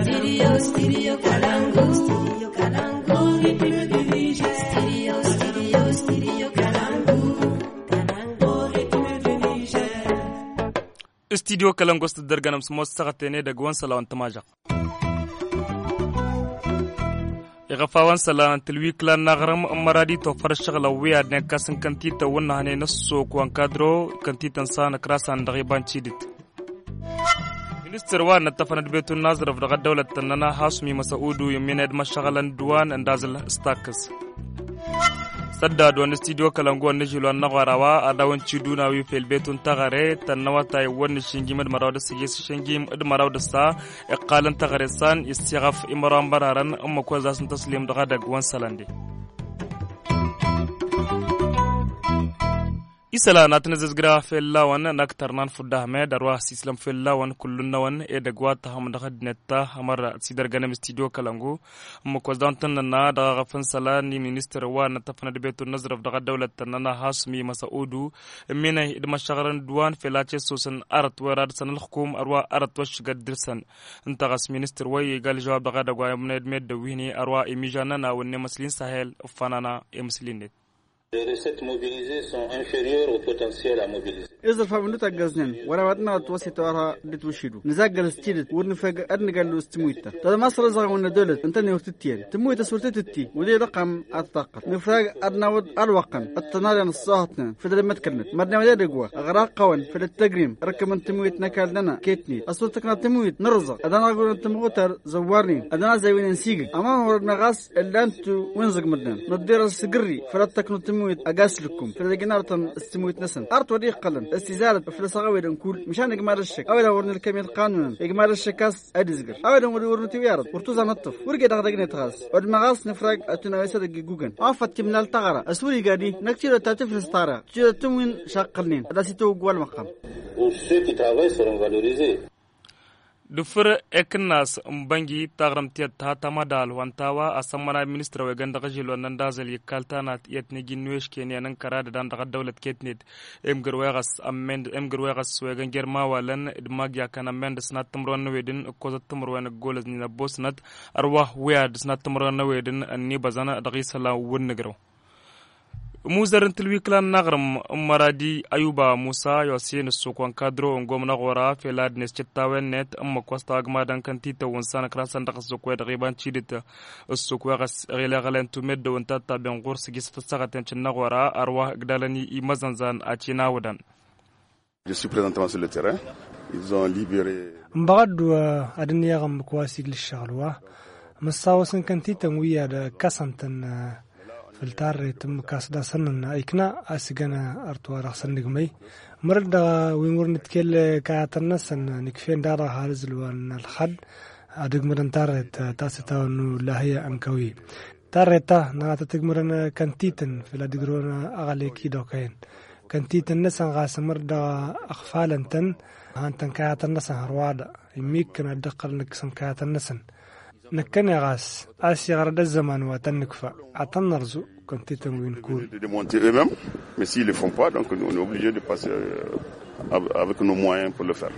Stereo, stereo, calango. Stereo, calango. Only pure DJ. Studio Kalango Stadarganam Smos Sagatene da Gwan Salawan Tamaja. iqafawan salaantilwi kla naqram maradi to farshaqla wea ne kasan kantita wannahane na soo kuwan kadro kantitan sana krasan daqiban chidit ሚኒስትር ዋን ነተፈነድ ቤቱና ዝረፍ ደቀ ደውለትነና ሃሱሚ መሰኡዱ የሚነድ መሸቀለን ድዋን እንዳዝል ስታክስ ሰዳድ ወን ስቱዲዮ ከለንጎ ንሽሉ አነቋራዋ አዳወንቺ ዱናዊ ፌል ቤቱን ተቀሬ ተነዋታይ ወን ሽንጊ መድ መራው ደስ ጌስ ሽንጊ እድ መራው ደሳ እቃለን ተቀሬሳን ይስያፍ ኢመራን በራረን እመኮዛስን ተስሊም ደቀ ደግ ወን ሰለንዴ isala natna zazgra fellawan naktarnan fudahme darwa sislam fellawan kullunawan e dagwa taham daga dinetta hamar sidar ganem studio kalangu mukozdantan na daga gafan sala ni minister wa na tafna debetu nazraf daga dawlat nana hasmi masaudu mina idma shagaran duwan felache susan arat wa rad sanal hukum arwa arat wa shigad dirsan inta gas minister wa yegal jawab daga dagwa yamna edmed dawini arwa imijana na wanne maslin sahel fanana e muslinet Les recettes mobilisées sont inférieures au potentiel à mobiliser. إذا فهم لتا جزنين ورا ودنا توسي توارها لتوشيدو نزاق الستيد ورنفق أدنى قالو استمويتا تدا مصر زغون دولت انتا نيوتتين تمويتا سورتي تتي ودي رقم الطاقة نفرق أدنى ود الوقن التنالي نصاهتنا فدل ما تكلمت مدنا ودي دقوة أغراق قوان فدل التقريم ركما تمويت نكال لنا كيتني أسورتكنا تمويت نرزا أدنى أقول أنت مغوتر زوارني أدنى زيوين نسيقك أما ورنا غاس إلا أنتو وينزق مدنا ندير السقري فلا تكنو تمويت أقاس لكم فدل جنارة استمويت نسن أرت وريق قلن استزارة بفلسة غاوية نقول مشان إجمال الشك أولا ورن الكمية القانون إجمال الشكاس أدزقر أولا ورن ورن تيارد ورتوزا نطف ورقة دغدقني تغاس ورد مغاس نفرق أتونا ويسد جيجوغن أفت كمنا التغرى أسوري قادي نكتير تاتف نستارا تجير تموين شاق قلنين أدا سيتو قوال مقام dufur eknas mbangi tagramtiya ta tamadal wantawa asamana ministra wegan daga jilo nan dazel yikaltanat yetni ginnuesh kenya nan karada dan daga dawlat ketnet emgir wegas amend emgir wegas wegan germa walan dmag yakan amend snat tumron wedin koza tumron golaz ni na bosnat arwa wead snat tumron wedin ni bazana dagi sala wonnegro muzarin tilwiklan nagaram maradi ayuba musa yosin sokon kadro gomna gora felad nes chittawen net amma kwasta agma dan kan tita wonsan krasan daga sokwe da riban chidit sokwe gas rela galen to med da wonta ta gurs gis ta sagaten chin nagora arwa gdalani i mazanzan a china wadan je suis présentement sur le terrain ils ont libéré mbagadu euh, adniya kwasi gil shalwa masawsan kan tita wiya da kasantan euh, filtaaraytum kaasdasanana ikna asigana artuwaraqsan nigmay marda wimurnitkel kaatanasan nikfen dara halizilwan alhad adegmaran taret tasitawanu lahaya ankawi tareta nagatatigmaran kantitan filadigrona aqalekidokayn kantitan nasan qaasa marda akfalantan hantan kaatanasan harwaada imikana daqalniksan kaatanasan نكنغاس آسيغر دا الزمان واتنكفا عطن نرزو كنت تموين كول mais s'ils ne le font pas, donc on est obligé de passer avec nos moyens pour le faire.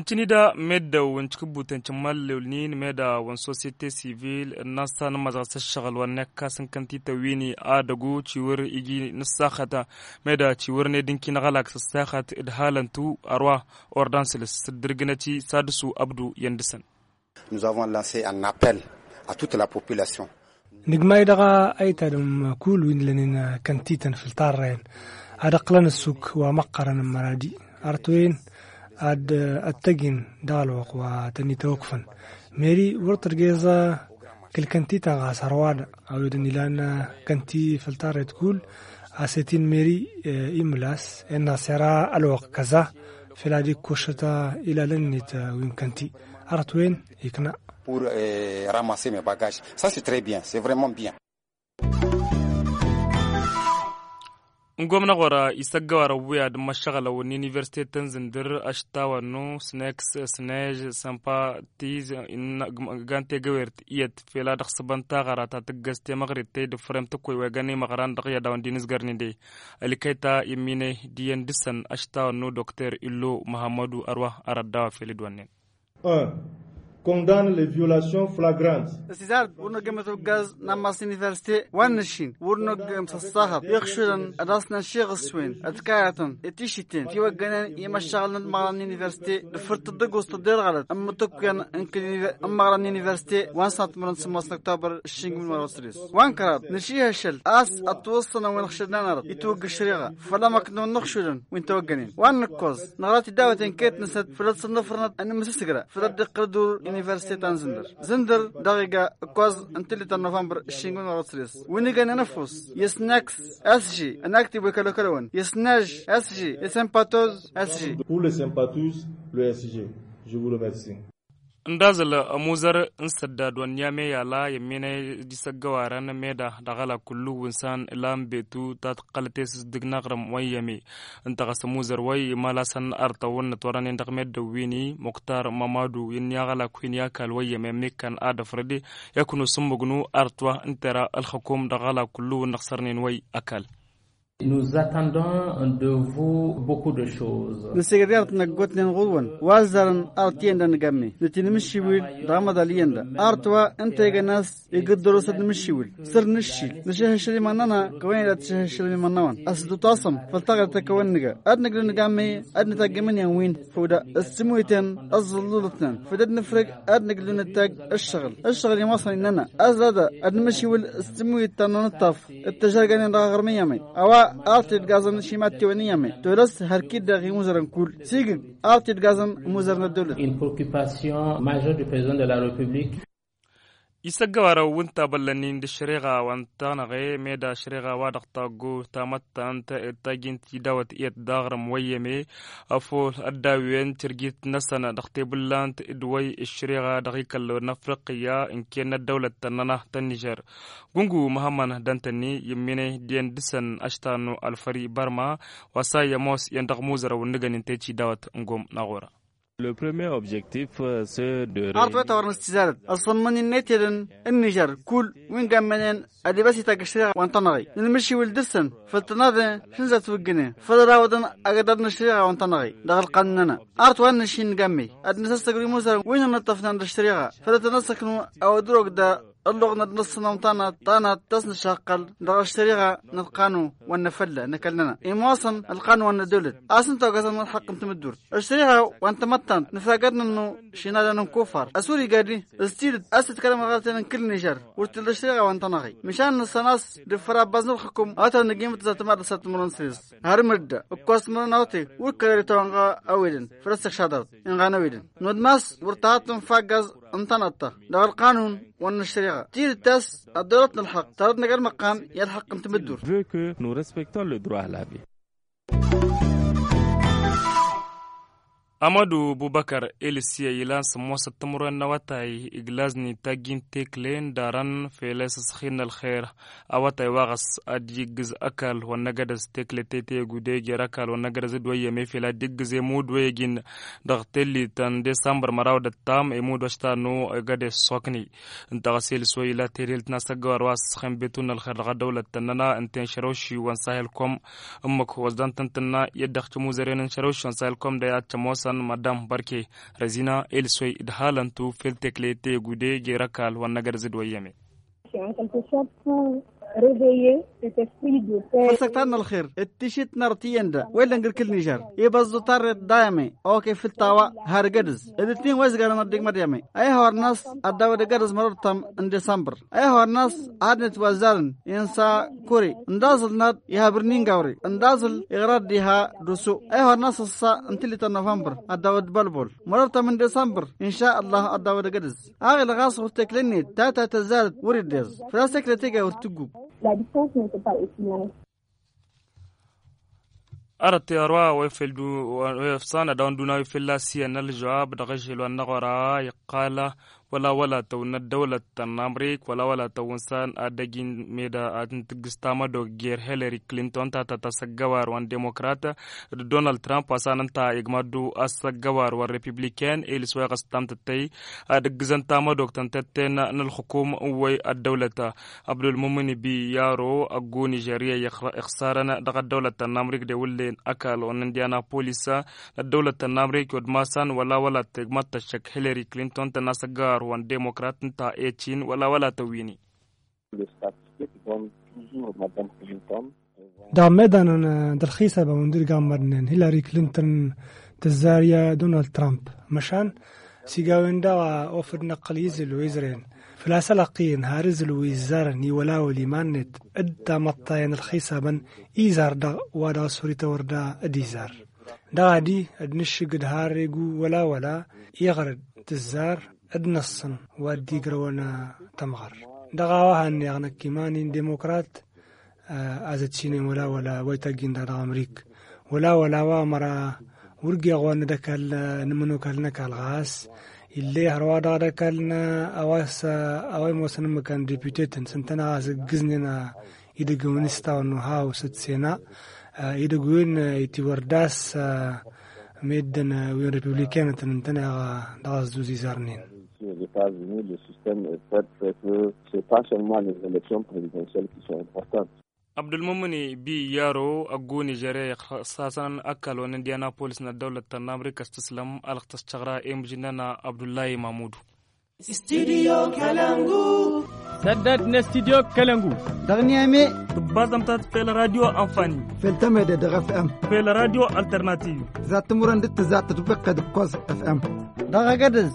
intinida medda wancika butancin mallolin medda wan societe civil nasta na mazasa shagal wan nekka sun kanti ta wini a dago ciwar igi na sakhata medda ciwar ne dinki na galak sa sakhat idhalantu arwa ordansilis sadirginaci sadisu abdu yandisan nigmay dhaqa aytadham kuulwinlanin kantitan filtareen adaqlana sug waa maqaran maradi artoen ad attagin daalooq waa tanitaogfan meri wartargeesa kilkantita qaasarwaada awedanilan kanti filtareed kuul asetin meri eh, imilas enaseraa alooq kaza filadi kushata ilalanita eh, winkanti Artuen Ikna. Pour euh, ramasser mes bagages. Ça, c'est très bien, c'est vraiment bien. gwamna wara isa gawara wuya da mashagala ashtawa snacks eh, sampa tiz gante gawer iya fela da sabanta de ta gaste magrite da frem ta dinis garni imine diyan disan ashtawa no dr illo muhammadu arwa aradawa felid 嗯。condamne les violations flagrantes. Sizar urno gemetul gaz namas universite wanishin urno gem sasahab yakhshuran adasna shigswin atkayatan etishitin tiwa ganan yema shaglan maran universite furtada gosta der galat amma tukyan ankin maran universite wan sat maran smas oktober shingum marosris wan karat nishi hashal as atwasna wan khshadna rat itu gshriga fala maknu nukhshuran win tawganin wan nkoz narati dawat enket nasat flat sanafrnat an masisgra flat qradur Zinder, zindir zindir dagiga koz intilita novembr shingun warotsiris winigan anafus yesnex sg le wikalokalawan yesnaj sg sympathose sg pour les sympathies le sg je vous remercie ndazala muzar nsadda don yame yala yamine disa gawaran meda dagala kullu winsan lam betu tat qaltes dignagram wayami ntaqas muzar way malasan arta wonna toran ndak medda wini muktar mamadu yin yagala kuin yakal wayame mekan ada fredi yakunu sumbugnu artwa intera al hukum dagala kullu naqsarnin way akal Nous attendons de vous beaucoup de choses. Nous nagot nen gudwan wazaran artienda ngamni nitin mishiwil ramada lienda artwa integanas آرتید گازن شیمات تیونیامه تولس هر کی دغی موزرن کول سیگن آرتید گازن موزرن دولت این پروکیپاسیون ماجر دی پرزیدنت دی لا رپوبلیک isagawara winta balanin shriga wantanaxe meda shriga wadaxta go tamatanta etaginti dawat iyat dagram wayeme afol adawiyen tirgit nasana daxte bulant idway shriga daxi kallo nafriqiya inkena dawlat tanana ta niger gungu mahaman dantani yimine diyen disan ashtanu alfari barma wasa yamos yandaxmuzara wuniganinte ci dawat ngom naxora أرتبة تورن استزالة الصمني النتيرن النجر كل وين قمنين أدباسي تاكشتري وانتنغي نمشي والدسن فلتنادي شنزا توقني فلراودن أقدر نشتري وانتنغي داخل قننا أرتوان نشين قمي أدنسا سكري موسى وين نطفنا نشتريها فلتنسكنو أو دروك ده اللغة نصنا تانا تانا تسن شاقل دغ الشريعة نلقانو ونفلة نكلنا إمواصن القانو وندولد أصن توقز من حق الدور الشريعة وانت متن نفاقدنا انه شينا لنا كفر أسوري قالي استيلد أس تتكلم غلط من كل نجار ورت الشريعة وانت نغي مشان السناس دفرا بازن الحكم أتا نقيمة ذات مرة سات مرنسيس هر مردة وكوس مرنوتي وكالي توانغا أويدن فرسك شادر إنغانا ويدن نودماس ورتهاتن فاقاز انتنطة دغ القانون وان الشريعة تير التاس الدولة الحق تردنا نقر مقام يلحق انتمدور amadu bubakar elisiya yilans mosa tamura nawatai iglazni tagin teklen daran feles shin alkhair awatai wagas adigiz akal wanagadas tekle tete gude gerakal wanagadas dwaye mefela digze mudwegin dagteli tan desambar maraw da tam e mudwashta no gade sokni ntagasil soyila teril nasagwar was khin betun alkhair daga dawlat tanana inten sharoshi wan sahel kom ummak wasdan tantana yadakh muzaren sharoshi wan sahel kom da ya chamos san madam barke razina elsoy id halantu feltekle te gude gerakal wannagar zidwayyame réveillé, cet esprit de paix. فسكتان الخير التشيت نرتين ده ولا نقول كل نيجر يبز ضطر دائمي اوكي في التاوى هارجدز الاثنين وزغر مدق مريمي اي هو الناس الدولة جرز مرتم ان ديسمبر اي هو الناس عادت وزارن ينسى كوري اندازل ناد يهابرنين قوري اندازل اغراد ديها دوسو اي هو الناس الصا انتلت نوفمبر الدولة بلبل مرتم من ديسمبر ان شاء الله الدولة جرز اغل غاص وتكلني تاتا تزالت وردز فلا سكرتيجا ورتقوب La distance n'était pas aussi longue. أردت أروى ويفل ويفصان دون دون ويفل لا سي أن الجواب دغش لو أن قال wala wala tauna dawla tan amrik wala wala taun san adagin meda atin tigistama do ger Hillary Clinton ta ta tasagawar wan demokrata Donald Trump asanan ta igmadu asagawar wan republican il suwa qastam tatay adgizan tama do tan tatena nal hukum way ad-dawlata Abdul Mumin bi yaro agu Nigeria yakhsarana daga dawla tan amrik de wulen akal on Indianapolis dawla tan amrik odmasan wala wala tigmat tashak Hillary Clinton ta nasagar wan demokrat nta e cin wala wala ta wini دا مدن درخيصة بمدير قامرنن هيلاري كلينتون تزاريا دونالد ترامب مشان سيقاوين دا وفر نقليز الوزرين فلا لقين هارز الوزارن يولاو ليمانت ادا مطاين الخيصة بن ايزار دا وادا سوريتا وردا اديزار دا دي ادنش قد هاريقو ولا ولا يغرد تزار ادنصن وادي جرونا تمغر دغاوا هاني انا كيماني ديموكرات ازتشيني ولا ولا ويتاجين دا امريك ولا ولا ومرا ورقي غوان دكال نمنو كالنا كالغاس اللي هروا دا دكالنا اواس اواي موسن مكان ديبيوتيتن سنتنا غاز قزننا إذا جونستا ونو هاو ستسينا إذا جون إتي ورداس ميدن وين ريبوبليكانة تنتنا غاز دوزي زارنين États-Unis, le système est fait, fait que ce n'est pas seulement les élections présidentielles qui sont importantes. abdulmumuni b yaro aguni jere sasan akal wani indianapolis na daular tanamri kastislam alkhtas chagra na abdullahi mamudu studio kalangu sadat na studio kalangu darniame bazamtat fel radio amfani fel tame da fm fel radio alternative zat muran dit zat tubqa kos fm دغدز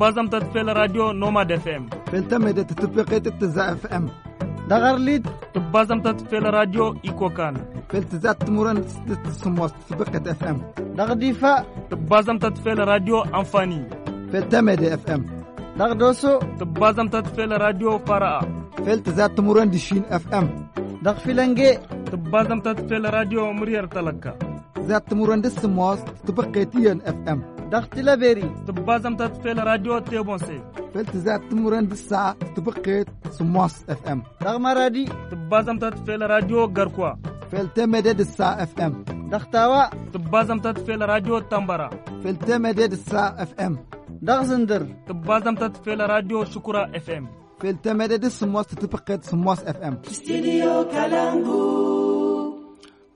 بازم تتفيل راديو نوماد اف ام فلتا ميدا تتفقيت التزا اف ام دغرليد تبازم تتفيل راديو ايكو كان فلتا تمرن ستت سموس تتفقيت اف ام دغديفا تبازم تتفيل راديو انفاني فلتا ميدا اف ام دغدوسو تبازم تتفيل راديو فرا فلتا تمرن دشين اف ام دغفلنجي تبازم تتفيل راديو مرير تلكا ذات مرندس موس تبقيتيا اف ام دغت لبيري تبازم زمت تفيل راديو تيبونسي فلت زات تمرن بالساعة تبقيت سمواس اف ام رغم رادي تبازم زمت راديو غركوا فلت مدد الساعة اف ام دختاوا تبازم زمت راديو تمبرا فلت مدد الساعة اف ام دغ زندر تبا زمت راديو شكرا اف ام فلت مدد سمواس تبقيت سمواس اف ام استديو كالانغو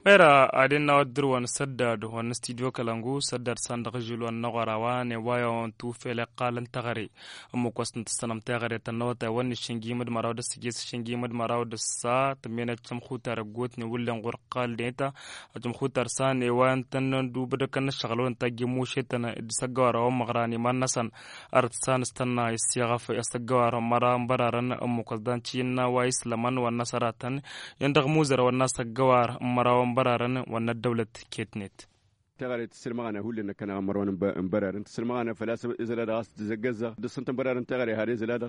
mera adina dirwan sadad hon studio kalangu sadad sandaq julwan noqorawa ne wayon tu fele qalan tagari mu kwasnt sanam tagari tanota wan shingimad marawda sigis shingimad marawda sa tamena cham khutar got ne wulan qur qal deta cham khutar sa ne wan tan du bada kan shagalon tagi mu shetan sagawara o magrani manasan artsan stanna isyagaf sagawara mara bararan mu qasdan chinna wa islaman wa nasaratan yandaq muzara wa nasagawar marawan mbararan wanna dawlat ketnet تغاري تسلمغانا هو لنا كان مروان مبرر تسلمغانا فلاسف ازلاد غاس تزقزا دسنت مبرر تغاري هاري زلاد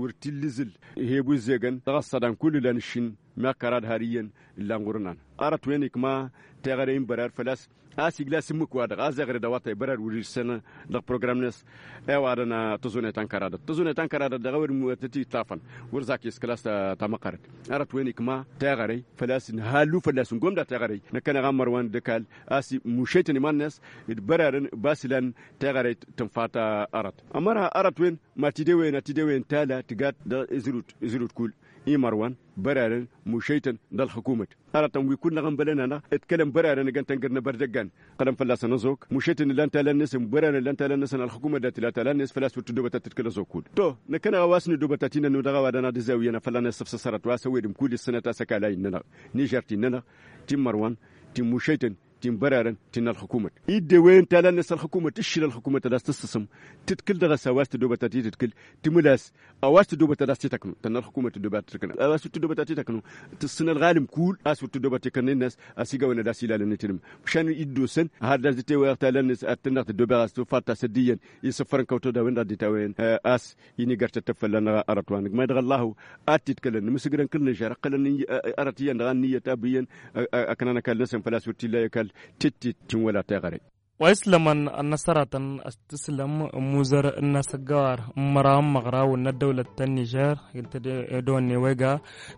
ورتي لزل هي بوزيغن تغصدان كل لانشين ma karad hariyen langurunan arat wenik ma tagare imbarar falas asigla simu kwada azagre da wata ibarar wuri sena da program nes e wada na tuzune tan karada tuzune tan karada da gawar muwatati tafan wur zaki isklas ta makarat arat wenik ma tagare falas halu falas gomda tagare na kana gamar wan dekal asi mushetin man nes idbararin basilan tagare tunfata arat amara arat wen matidewe na tidewe tala tigat da izrut izrut kul imarwan bararin مشيتن دل حكومة أنا تنوي كنا بلنا أنا اتكلم برا أنا قلت تنقرنا برجان قلم فلاس نزوك مشيتن لان تلنس برا لان تلنس أنا الحكومة دات لا تلنس فلاس وتدوبة تتكلم زوكود تو نكنا واسن دوبة تاتينا ندغا ودنا دزاوينا فلانا سفسسرت واسويدم كل السنة تاسكالاين ننا نيجرتي ننا تيم مروان تيم مشيتن تنبرارن تن الحكومة إيد وين تلا نس الحكومة تشيل الحكومة تلاس تسسم تتكل درس أواست دوبة تاتي تتكل تملاس أواست دوبة تلاس تتكنو تنا الحكومة تدوبة تتكنو أواست تدوبة تاتي تتكنو تسن الغالم كول أس تدوبة تكن الناس أسيجا وين داس إلى لنتنم مشان إيدو سن هذا زيتي وقت تلا نس أتنا تدوبة أس تفاتا سديا يسفرن كوتو دوين داوين ردي وين آه، أس يني قرت تفلنا أرتوانك ما يدغ الله أتي أتتكلن مسجرن كل نجار قلن آه، آه، أرتيان غنية أبيا أكننا كالنسم فلا سورتي لا wal titi tin wala tagare النصرة استسلم موزر النسجار مرام مغرا مغراو الدولة النيجر يلتدون ويجا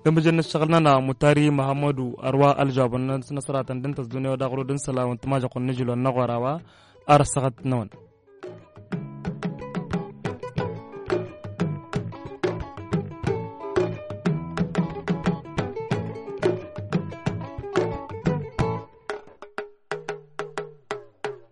دم جن شغلنا متاري محمد أروى الجاب النصرة دنتس دنيا دغرو دن سلام تماجق النجل النغراوا أرسغت نون